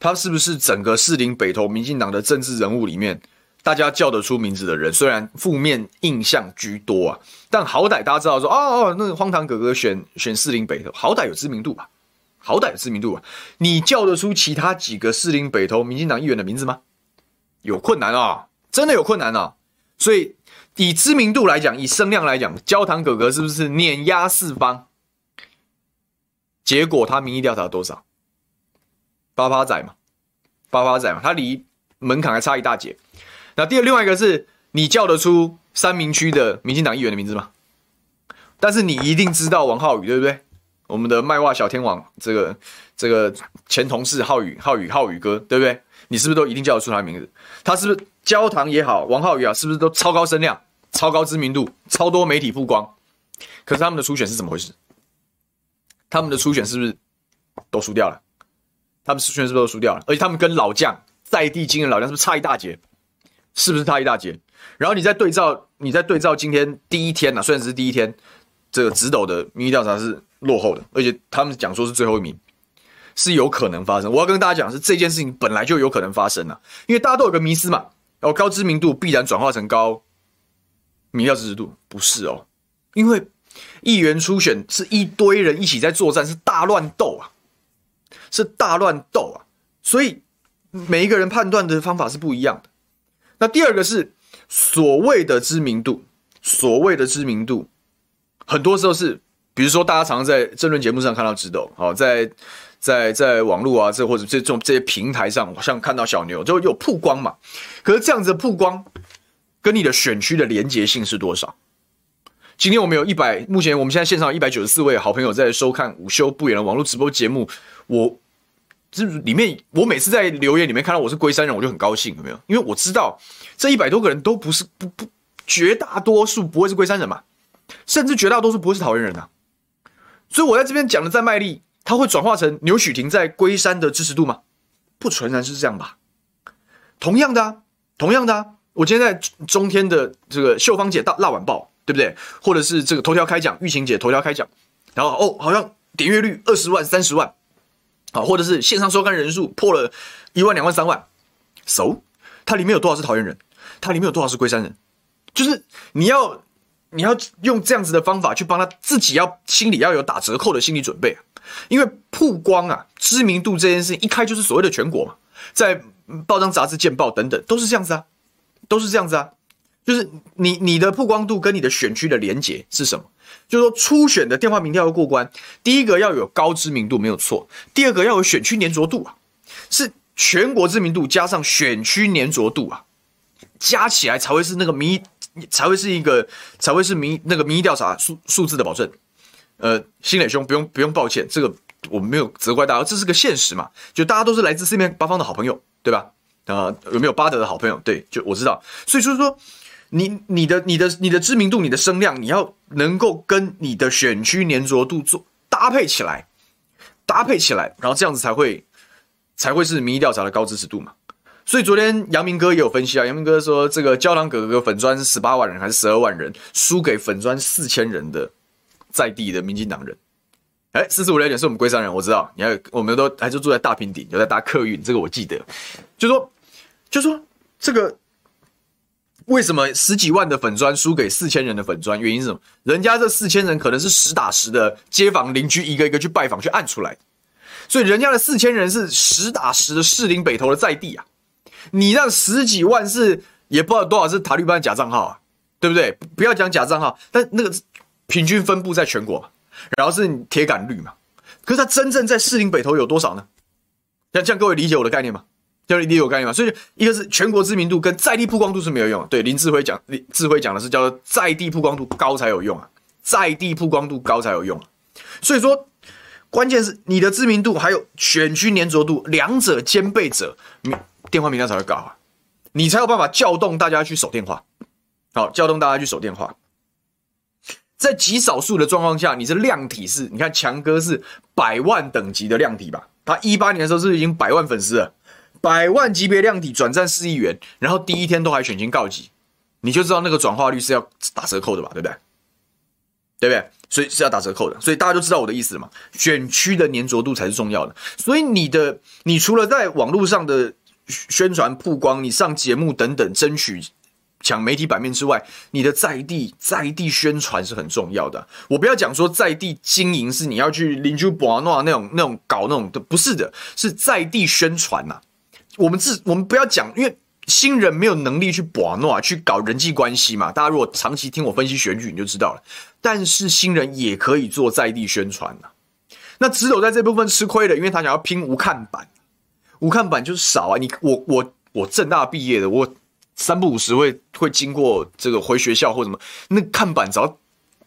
Speaker 1: 他是不是整個士林北投民進黨的政治人物裡面，大家叫得出名字的人？雖然負面印象居多啊，但好歹大家知道說，哦哦，那個荒唐哥哥選選士林北投，好歹有知名度吧？好歹有知名度啊！你叫得出其他幾個士林北投民進黨議員的名字嗎？有困難啊，真的有困難啊！所以以知名度來講，以聲量來講，焦糖哥哥是不是碾壓四方？結果他民意調查了多少？八八仔嘛，八八仔嘛，他離門檻還差一大截。那第二，另外一個是你叫得出三民區的民進黨議員的名字嗎？但是你一定知道王浩宇，對不對？我們的麥霸小天王，這個這個前同事浩宇，浩宇，浩宇哥，對不對？你是不是都一定叫得出他的名字？他是不是焦糖也好，王浩宇啊，是不是都超高聲量、超高知名度、超多媒體曝光？可是他們的初選是怎麼回事？他們的初選是不是都輸掉了？他們初選是不是都輸掉了？而且他們跟老將在地經驗的老將是不是差一大截？是不是差一大截？然後你再對照，你再對照今天第一天呢、啊？雖然是第一天，這個植斗的民意調查是落後的，而且他們講說是最後一名，是有可能發生。我要跟大家講是，是這件事情本來就有可能發生啊，因為大家都有個迷思嘛，然、哦、後高知名度必然轉化成高民調支持度，不是哦，因為。議員初選，是一堆人一起在作戰，是大亂鬥啊，是大亂鬥啊，所以每一個人判斷的方法是不一樣的。那第二個是所謂的知名度，所謂的知名度，很多時候是，比如說大家常在政論節目上看到植斗，哦，在在在網絡啊這或者這這種這些平台上，像看到小牛就有曝光嘛，可是這樣子的曝光跟你的選區的連結性是多少？今天我們有一百，目前我們現在線上一百九十四位好朋友在收看午休不遠的網絡直播節目。我，這裡面我每次在留言裡面看到我是龜山人，我就很高興，有沒有？因為我知道這一百多個人都不是不不絕大多數不會是龜山人嘛，甚至絕大多數不會是桃園人吶、啊。所以我在這邊講的再賣力，它會轉化成牛煦庭在龜山的支持度嗎？不純然是這樣吧。同樣的啊，啊同樣的，啊，我今天在中天的這個秀芳姐大辣晚報。對不對？或者是這個頭條開講，玉晴姐頭條開講，然後哦，好像點閱率二十萬、三十萬，好、啊，或者是線上收看人數破了一萬、兩萬、三萬。So，它裡面有多少是桃園人？它裡面有多少是龜山人？就是你要你要用這樣子的方法去幫他自己要，要心裡要有打折扣的心理準備，因為曝光啊、知名度這件事情一開就是所謂的全國嘛，在報章、雜誌、見報等等都是這樣子啊，都是這樣子啊。就是你你的曝光度跟你的選區的連結是什麼？就是說初選的電話民調要過關，第一個要有高知名度，沒有錯。第二個要有選區粘着度啊，是全國知名度加上選區粘着度啊，加起來才會是那個民意，才會是一個才會是民那個民意調查數數字的保證。呃，新磊兄不用不用抱歉，這個我沒有責怪大家，這是個現實嘛，就大家都是來自四面八方的好朋友，對吧？啊、呃，有沒有八德的好朋友？對，就我知道，所以就是說。你你的你的你的知名度、你的聲量，你要能夠跟你的選區黏着度，做搭配起來，搭配起來，然後這樣子才會才會是民意調查的高支持度嘛。所以昨天楊明哥也有分析啊，楊明哥說這個“焦糖哥哥”粉專十八萬人還是十二萬人輸給粉專四千人的在地的民進黨人，哎，四十五來點是我們龜山人，我知道，你看我們都還是住在大平頂，有在搭客運，這個我記得，就說就說這個。為什麼十幾萬的粉專輸給四千人的粉專？原因是什麼？人家這四千人可能是實打實的街坊鄰居，一個一個去拜訪去按出來的，所以人家的四千人是實打實的士林北投的在地啊。你讓十幾萬是也不知道多少是塔綠班的假賬號啊，對不對？不要講假賬號，但那個平均分布在全國嘛，然後是鐵桿綠嘛。可是他真正在士林北投有多少呢？這樣各位理解我的概念嗎？就你你有概念嗎？所以一個是全國知名度跟在地曝光度是沒有用。對，林智慧講，林智慧講的是叫做在地曝光度高才有用啊，在地曝光度高才有用，啊。所以說，關鍵是你的知名度還有選區粘着度，兩者兼備者，電話名單才會高啊，你才有辦法叫動大家去守電話。好，叫動大家去守電話。在極少數的狀況下，你這量體是，你看強哥是百萬等級的量體吧？他一八年的時候是，是已經百萬粉絲了。百萬級別量體轉戰四億元，然後第一天都還選情告急，你就知道那個轉化率是要打折扣的吧？對不對？對不對？所以是要打折扣的，所以大家都知道我的意思了嘛。選區的粘着度才是重要的，所以你的你除了在網絡上的宣傳曝光，你上節目等等爭取搶媒體版面之外，你的在地在地宣傳是很重要的。我不要講說在地經營是你要去鄰居博阿諾那種那種搞那種的，不是的，是在地宣傳吶、啊。我們自我們不要講，因為新人沒有能力去擺弄啊，去搞人際關係嘛。大家如果長期聽我分析選舉，你就知道了。但是新人也可以做在地宣傳吶、啊。那只有在這部分吃虧了，因為他想要拼無看板，無看板就是少啊。你我我我政大畢業的，我三不五時會會經過這個回學校或什麼，那看板只要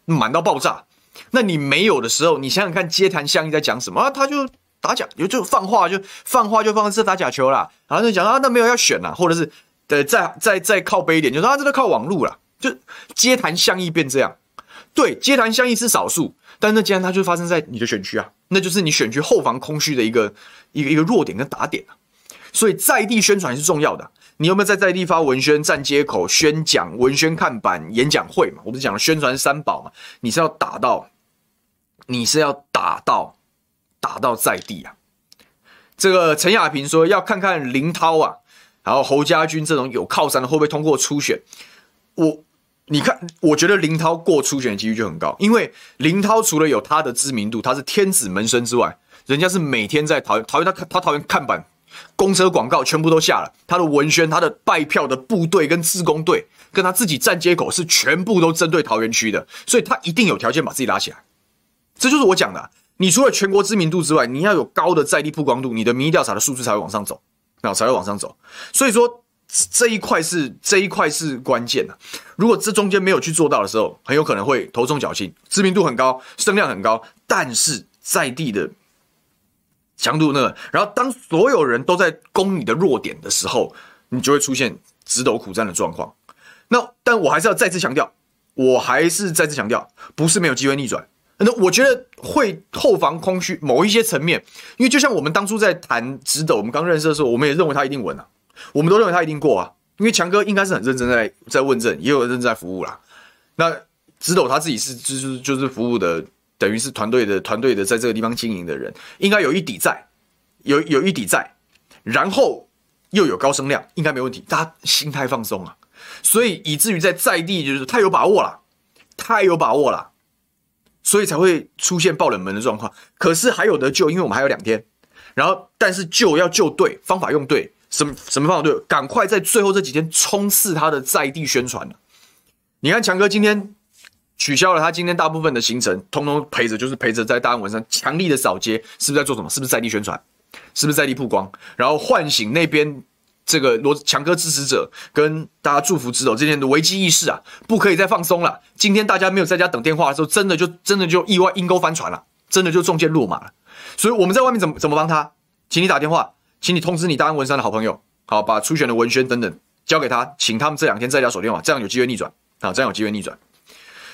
Speaker 1: 滿到爆炸，那你沒有的時候，你想想看街談巷議在講什麼啊？他就。打假有就放話，就放話就放這打假球啦，然後就講啊，那沒有要選啦，或者是對、呃，再再再靠北一點，就說啊，這都靠網絡啦，就街談巷議變這樣，對，街談巷議是少數，但是那既然它就發生在你的選區啊，那就是你選區後防空虛的一個一個一個弱點跟打點、啊、所以在地宣傳是重要的，你有沒有在在地發文宣、站街口宣講、文宣看板、演講會嘛？我不是講了宣傳三寶嘛？你是要打到，你是要打到。打倒在地啊！這個陳亞萍說要看看林濤啊，然後侯家軍這種有靠山的會不會通過初選？我，你看，我覺得林濤過初選的幾率就很高，因為林濤除了有他的知名度，他是天子門生之外，人家是每天在桃園桃園，他他桃園看板、公車廣告全部都下了，他的文宣、他的拜票的部隊跟志工隊，跟他自己站街口是全部都針對桃園區的，所以他一定有條件把自己拉起來，這就是我講的啊。你除了全國知名度之外，你要有高的在地曝光度，你的民意調查的數字才會往上走，那才會往上走。所以說，這一塊是這一塊是關鍵啊。如果這中間沒有去做到的時候，很有可能會頭重腳輕，知名度很高，聲量很高，但是在地的強度呢？然後當所有人都在攻你的弱點的時候，你就會出現直鬥苦戰的狀況。那但我還是要再次強調，我還是再次強調，不是沒有機會逆轉。那我覺得會後防空虛，某一些層面，因為就像我們當初在談植斗，我們剛認識的時候，我們也認為他一定穩啊，我們都認為他一定過啊，因為強哥應該是很認真在在問政，也有認真在服務啦。那植斗他自己是就是就是服務的，等於是團隊的團隊的在這個地方經營的人，應該有一底在，有有一底在，然後又有高聲量，應該沒問題，大家心態放鬆啊，所以以至於在在地就是太有把握了，太有把握了。所以才會出現爆冷門的狀況，可是還有得救，因為我們還有兩天，然後但是救要救對方法用對，什麼什麼方法對，趕快在最後這幾天衝刺他的在地宣傳。你看強哥今天取消了他今天大部分的行程，通通陪着就是陪着在大安文山強力的掃街，是不是在做什麼？是不是在地宣傳？是不是在地曝光？然後喚醒那邊。這個羅強哥支持者跟大家祝福之友之間的危機意識啊，不可以再放鬆了。今天大家沒有在家等電話的時候，真的就真的就意外陰溝翻船了，真的就中箭落馬了。所以我們在外面怎麼怎麼幫他？請你打電話，請你通知你大安文山的好朋友，好，把初選的文宣等等交給他，請他們這兩天在家守電話，這樣有機會逆轉啊，這樣有機會逆轉。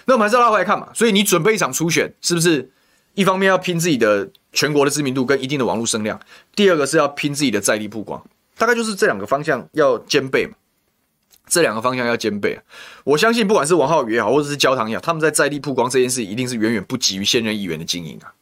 Speaker 1: 那我們還是要拉回來看嘛。所以你準備一場初選，是不是一方面要拼自己的全國的知名度跟一定的網絡聲量，第二個是要拼自己的在地曝光。大概就是這兩個方向要兼備嘛，這兩個方向要兼備啊！我相信，不管是王浩宇也好，或者是焦糖也好，他們在在地曝光這件事，一定是遠遠不及於現任議員的經營啊，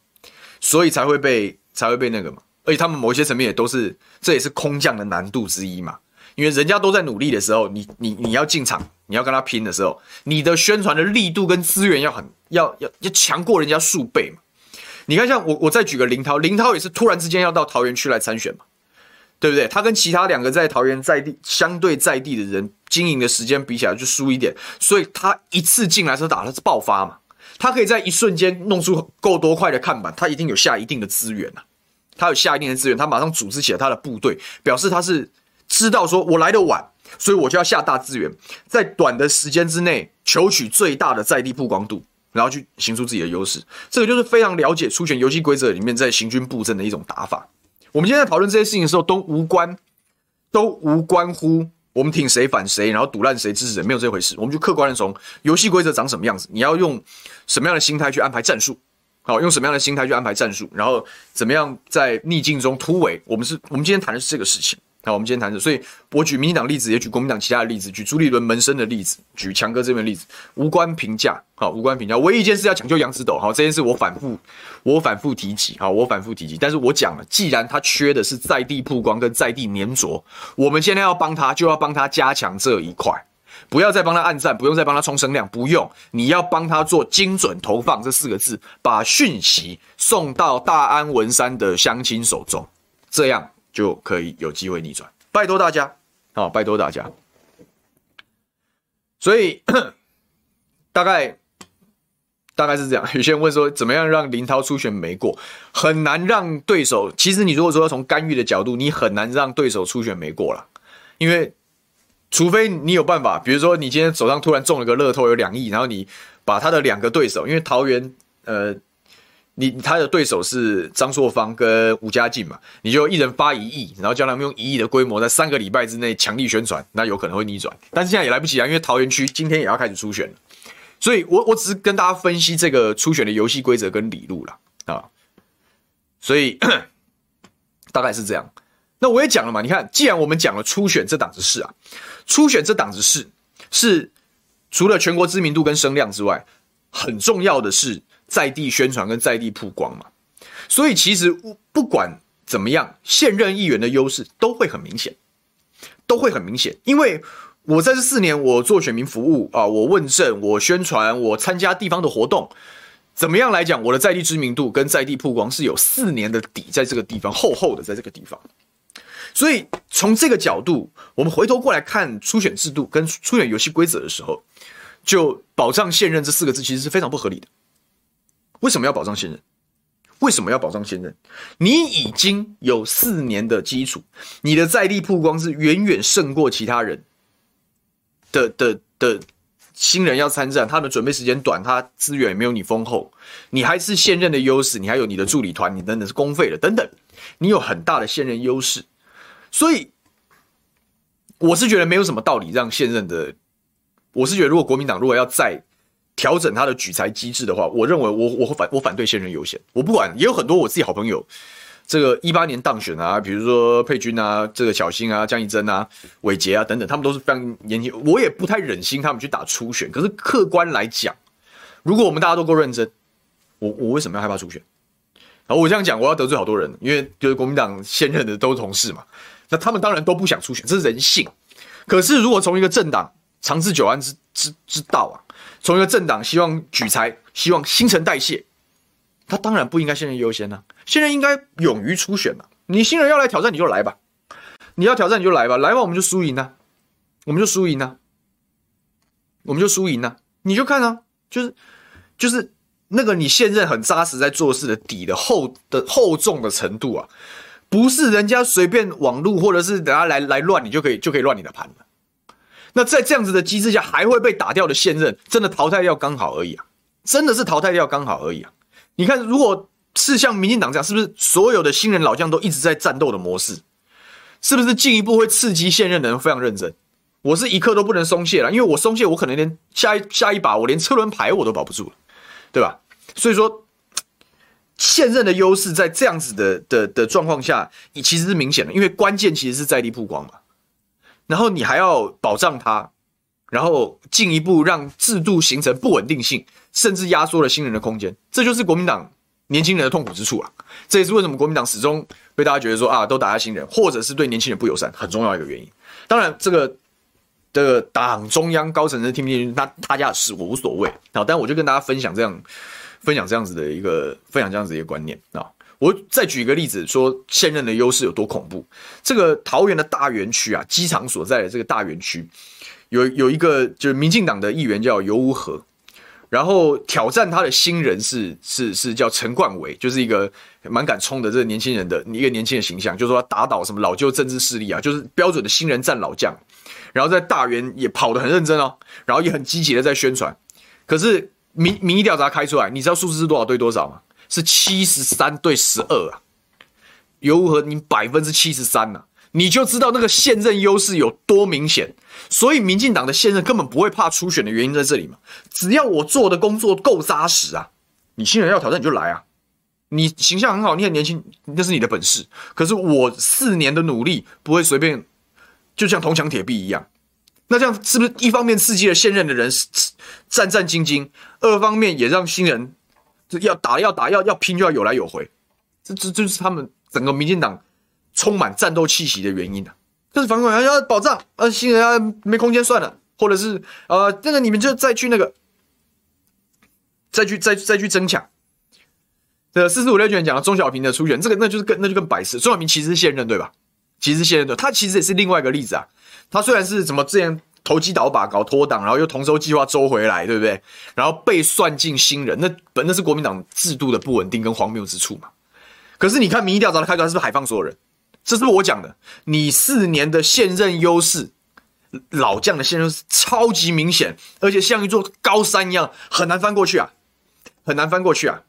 Speaker 1: 所以才會被才會被那個嘛。而且他們某些層面也都是，這也是空降的難度之一嘛。因為人家都在努力的時候，你你你要進場，你要跟他拼的時候，你的宣傳的力度跟資源要很要要要強過人家數倍嘛。你看，像我我再舉個林濤，林濤也是突然之間要到桃園區來參選嘛。對不對？他跟其他兩個在桃園在地相對在地的人經營的時間比起來，就輸一點。所以他一次進來時候打他是爆發嘛，他可以在一瞬間弄出夠多塊的看板，他一定有下一定的資源、啊、他有下一定的資源，他馬上組織起來他的部隊，表示他是知道說，我來得晚，所以我就要下大資源，在短的時間之內求取最大的在地曝光度，然後去行出自己的優勢。這個就是非常了解初選遊戲規則裡面在行軍布陣的一種打法。我們現在討論這些事情的時候，都無關，都無關乎我們挺誰反誰，然後賭爛誰支持誰，沒有這回事。我們就客觀的從遊戲規則長什麼樣子，你要用什麼樣的心態去安排戰術，好，用什麼樣的心態去安排戰術，然後怎麼樣在逆境中突圍。我們是，我們今天談的是這個事情。那我們今天談這，所以我舉民進黨例子，也舉國民黨其他的例子，舉朱立倫門生的例子，舉強哥這邊例子，無關評價，好，無關評價。唯一一件事要搶救楊植斗，好，這件事我反覆，我反覆提及，好，我反覆提及。但是我講了，既然他缺的是在地曝光跟在地粘着，我們現在要幫他，就要幫他加強這一塊，不要再幫他按讚，不用再幫他衝聲量，不用，你要幫他做精準投放這四個字，把訊息送到大安文山的鄉親手中，這樣。就可以有機會逆轉。拜托大家，啊、哦，拜托大家。所以 <coughs> 大概大概是這樣。有些人問說，怎麼樣讓林濤初選沒過？很難讓對手。其實你如果說要從干預的角度，你很難讓對手初選沒過了，因為除非你有辦法，比如說你今天手上突然中了個樂透，有兩億，然後你把他的兩個對手，因為桃園呃。你,你他的對手是張碩芳跟吳家靖嘛？你就一人發一億，然後叫他們用一億的規模，在三個禮拜之內強力宣傳，那有可能會逆轉。但是現在也來不及啊，因為桃園區今天也要開始初選了。所以我，我我只是跟大家分析這個初選的遊戲規則跟理路了啊。所以 <coughs> 大概是這樣。那我也講了嘛，你看，既然我們講了初選這檔子事啊，初選這檔子事是除了全國知名度跟聲量之外，很重要的是。在地宣傳跟在地曝光嘛，所以其實不管怎麼樣，現任議員的優勢都會很明顯，都會很明顯。因為我在這四年，我做選民服務啊，我問政，我宣傳，我參加地方的活動，怎麼樣來講，我的在地知名度跟在地曝光是有四年的底，在這個地方厚厚的，在這個地方。所以從這個角度，我們回頭過來看初選制度跟初選遊戲規則的時候，就保障現任這四個字，其實是非常不合理的。為什麼要保障現任？為什麼要保障現任？你已經有四年的基礎，你的在地曝光是遠遠勝過其他人的的的，的新人要參戰，他的準備時間短，他資源也沒有你豐厚，你還是現任的優勢，你還有你的助理團，你等等是公費的等等，你有很大的現任優勢，所以我是覺得沒有什麼道理讓現任的，我是覺得如果國民黨如果要在調整他的舉才機制的話，我認為我我會反，我反對現任優先，我不管，也有很多我自己好朋友，這個一八年當選啊，比如說佩君啊，這個小新啊，江一珍啊，偉杰啊等等，他們都是非常年輕，我也不太忍心他們去打初選。可是客觀來講，如果我們大家都夠認真，我我為什麼要害怕初選？然後我這樣講，我要得罪好多人，因為就是國民黨現任的都是同事嘛，那他們當然都不想初選，這是人性。可是如果從一個政黨長治久安之之之道啊。從一個政黨希望舉才，希望新陳代謝，他當然不應該現任優先了，啊、現任應該勇於初選嘛、啊。你新人要來挑戰，你就來吧。你要挑戰，你就來吧。來吧，我們就輸贏呢，我們就輸贏呢，我們就輸贏呢。你就看啊，就是就是那個你現任很扎實在做事的底的厚的厚重的程度啊，不是人家隨便網路或者是等下來來亂，你就可以就可以亂你的盤了。那在這樣子的機制下，還會被打掉的現任，真的淘汰掉剛好而已啊！真的是淘汰掉剛好而已啊！你看，如果是像民進黨這樣，是不是所有的新人老將都一直在戰鬥的模式？是不是進一步會刺激現任的人非常認真？我是一刻都不能鬆懈了，因為我鬆懈，我可能連下一下一把，我連車輪牌我都保不住了，對吧？所以說，現任的優勢在這樣子的的的狀況下，其實是明顯的，因為關鍵其實是在地曝光嘛。然後你還要保障他，然後進一步讓制度形成不穩定性，甚至壓縮了新人的空間，這就是國民黨年輕人的痛苦之處啊，這也是為什麼國民黨始終被大家覺得說啊，都打壓新人，或者是對年輕人不友善，很重要一個原因。當然，這個這個黨中央高層的聽不進去，那他，他家的事我無所謂。好，但我就跟大家分享這樣，分享這樣子的一個，分享這樣子的一個觀念。啊。我再舉一個例子，說現任的優勢有多恐怖。這個桃園的大園區啊，機場所在的這個大園區，有有一個就是民進黨的議員叫游吾和，然後挑戰他的新人是是是叫陳冠維，就是一個蠻敢衝的這個年輕人的，一個年輕的形象，就是說他打倒什麼老舊政治勢力啊，就是標準的新人戰老將。然後在大園也跑得很認真哦，然後也很積極的在宣傳。可是民民意調查開出來，你知道數字是多少對多少嗎？是七十三對十二啊，有和你百分之七十三呢，你就知道那個現任優勢有多明顯。所以民進黨的現任根本不會怕初選的原因在這裡嘛。只要我做的工作夠扎實啊，你新人要挑戰你就來啊。你形象很好，你很年輕，那是你的本事。可是我四年的努力不會隨便，就像銅牆鐵壁一樣。那這樣是不是一方面刺激了現任的人戰戰兢兢，二方面也讓新人？要打要打要要拼就要有來有回，這這這就是他們整個民進黨充滿戰鬥氣息的原因啊！但是反過來要保障啊，新人要沒空間算了，或者是呃那個你們就再去那個再去再再去爭搶。呃四十五六卷講了鍾小平的初選，這個那就是跟那就跟擺設。鍾小平其實是現任對吧？其實現任的，他其實也是另外一個例子啊。他雖然是怎麼之前。投機倒把，搞脫黨，然後又同舟計劃周回來，對不對？然後被算進新人，那本那是國民黨制度的不穩定跟荒謬之處嘛。可是你看民意調查的開端，是不是海放所有人？這是不是我講的？你四年的現任優勢，老將的現任優勢超級明顯，而且像一座高山一樣，很難翻過去啊，很難翻過去啊。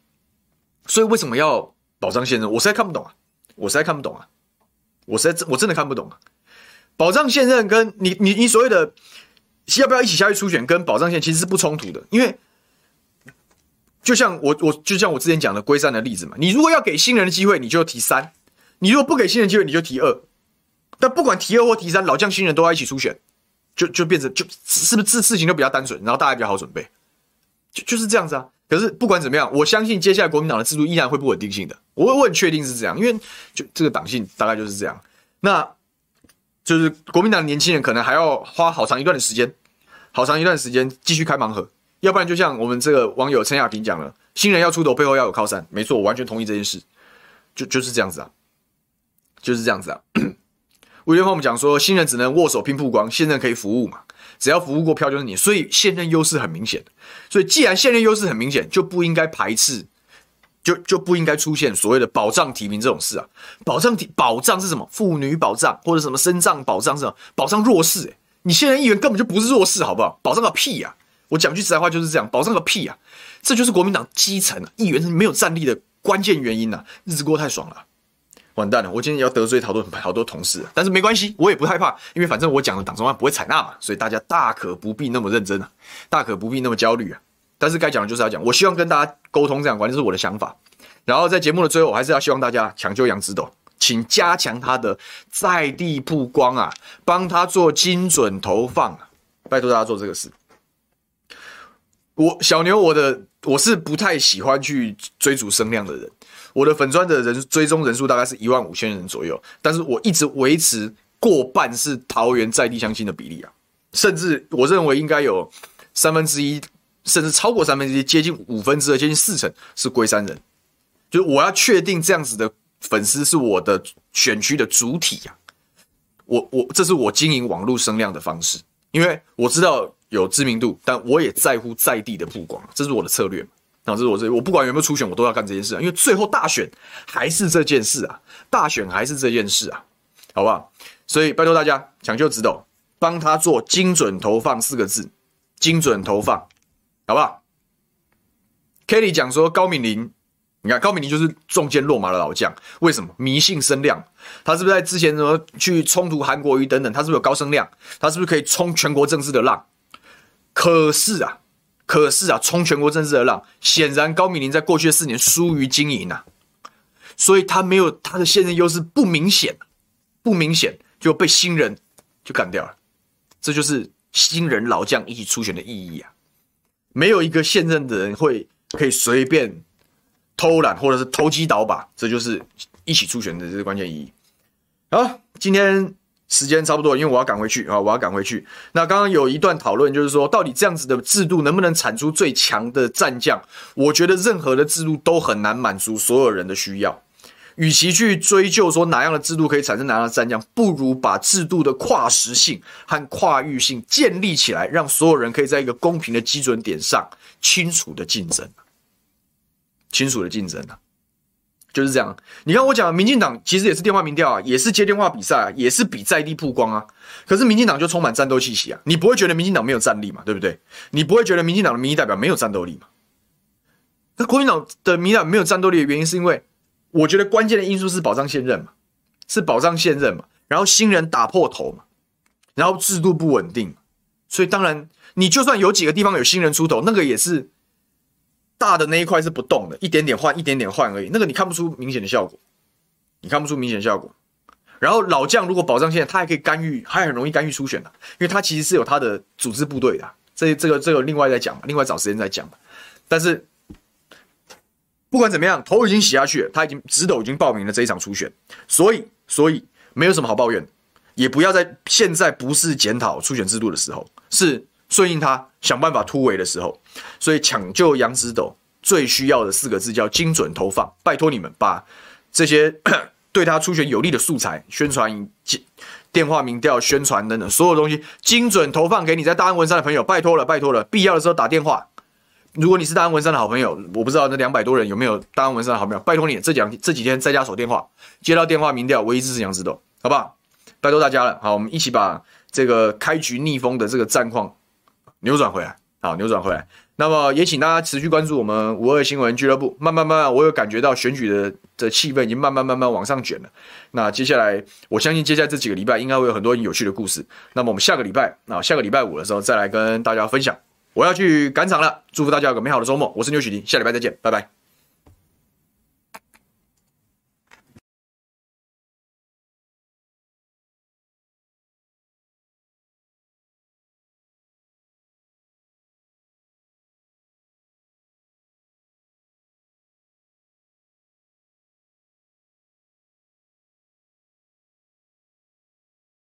Speaker 1: 所以為什麼要保障現任？我實在看不懂啊，我實在看不懂啊，我實在我真的看不懂啊。保障現任跟你你你所謂的要不要一起下去初選，跟保障現任其實是不衝突的，因為就像我我就像我之前講的龜山的例子嘛，你如果要給新人的機會，你就提三；你如果不給新人機會，你就提二。但不管提二或提三，老將新人都要一起初選，就就變成就是不是，是事情都比較單純，然後大家比較好準備，就就是這樣子啊。可是不管怎麼樣，我相信接下來國民黨的制度依然會不穩定性的，我我很確定是這樣，因為就這個黨性大概就是這樣。那就是國民黨年輕人可能還要花好長一段的時間，好長一段時間繼續開盲盒，要不然就像我們這個網友陳雅萍講了，新人要出頭，背後要有靠山，沒錯，我完全同意這件事，就就是這樣子啊，就是這樣子啊。吳月芳我們講說，新人只能握手拼曝光，現任可以服務嘛，只要服務過票就是你，所以現任優勢很明顯，所以既然現任優勢很明顯，就不應該排斥。就就不應該出現所謂的保障提名這種事啊！保障提保障是什麼？婦女保障或者什麼身障保障什麼？保障弱勢、欸？你現在議員根本就不是弱勢，好不好？保障個屁呀、啊！我講句實在話就是這樣，保障個屁呀、啊！這就是國民黨基層啊，議員是沒有戰力的關鍵原因吶、啊！日子過太爽了，完蛋了！我今天也要得罪好多好多同事、啊，但是沒關係，我也不害怕，因為反正我講的黨中央不會採納嘛，所以大家大可不必那麼認真啊，大可不必那麼焦慮啊。但是該講的就是要講，我希望跟大家溝通這樣，這是我的想法。然後在節目的最後，我還是要希望大家搶救楊植斗，請加強他的在地曝光啊，幫他做精準投放啊，拜託大家做這個事。我小牛，我的我是不太喜歡去追逐聲量的人，我的粉專的人追蹤人數大概是一萬五千人左右，但是我一直維持過半是桃園在地鄉親的比例啊，甚至我認為應該有三分之一。甚至超過三分之一，接近五分之二，接近四成是龜山人。就是我要確定這樣子的粉絲是我的選區的主體呀、啊。我我這是我經營網絡聲量的方式，因為我知道有知名度，但我也在乎在地的曝光。這是我的策略那、啊、這是我這我不管有沒有初選，我都要幹這件事、啊，因為最後大選還是這件事啊，大選還是這件事啊，好不好？所以拜托大家搶救植斗，幫他做精準投放四個字，精準投放。好不好？Kelly 講說高敏玲，你看高敏玲就是中箭落馬的老將，為什麼迷信聲量？他是不是在之前什麼去衝突韓國瑜等等？他是不是有高聲量？他是不是可以衝全國政治的浪？可是啊，可是啊，衝全國政治的浪，顯然高敏玲在過去的四年疏於經營啊，所以他沒有他的現任優勢不明顯，不明顯就被新人就幹掉了。這就是新人老將一起出選的意義啊。沒有一個現任的人會可以隨便偷懶或者是投機倒把，這就是一起初選的這個關鍵意義。好，今天時間差不多，因為我要趕回去啊，我要趕回去。那剛剛有一段討論，就是說到底這樣子的制度能不能產出最強的戰將？我覺得任何的制度都很難滿足所有人的需要。與其去追究說哪樣的制度可以產生哪樣的戰將，不如把制度的跨時性和跨域性建立起來，讓所有人可以在一個公平的基準點上清楚的競爭。清楚的競爭啊，就是這樣。你看我講，民進黨其實也是電話民調啊，也是接電話比賽啊，也是比在地曝光啊。可是民進黨就充滿戰鬥氣息啊。你不會覺得民進黨沒有戰力嘛？對不對？你不會覺得民進黨的民意代表沒有戰鬥力嘛？那國民黨的民意代表沒有戰鬥力的原因是因為。我覺得關鍵的因素是保障現任嘛，是保障現任嘛，然後新人打破頭嘛，然後制度不穩定，所以當然你就算有幾個地方有新人出頭，那個也是大的那一塊是不動的，一點點換，一點點換而已，那個你看不出明顯的效果，你看不出明顯的效果。然後老將如果保障現任，他還可以干預，還很容易干預初選的啊，因為他其實是有他的組織部隊的啊。這這個這個另外再講，另外找時間再講。但是。不管怎麼樣，頭已經洗下去了，他已經植斗已經報名了這一場初選，所以，所以沒有什麼好抱怨，也不要在現在不是檢討初選制度的時候，是順應他想辦法突圍的時候，所以搶救楊植斗最需要的四個字叫精準投放，拜託你們把這些 <coughs> 對他初選有利的素材、宣傳、電話、民調、宣傳等等所有東西精準投放給你在大安文山的朋友，拜託了，拜託了，必要的時候打電話。如果你是大安文山的好朋友，我不知道那兩百多人有沒有大安文山的好朋友，拜託你這兩這幾天在家守電話，接到電話民調，唯一支持楊植斗，好不好？拜託大家了，好，我們一起把這個開局逆風的這個戰況扭轉回來，好，扭轉回來。那麼也請大家持續關注我們52新聞聚樂部，慢慢慢慢，我有感覺到選舉的的氣氛已經慢慢慢慢往上捲了。那接下來我相信接下來這幾個禮拜應該會有很多很有趣的故事。那麼我們下個禮拜，啊，下個禮拜五的時候再來跟大家分享。我要去趕場了，祝福大家有個美好的週末。我是牛煦庭，下禮拜再見，拜拜。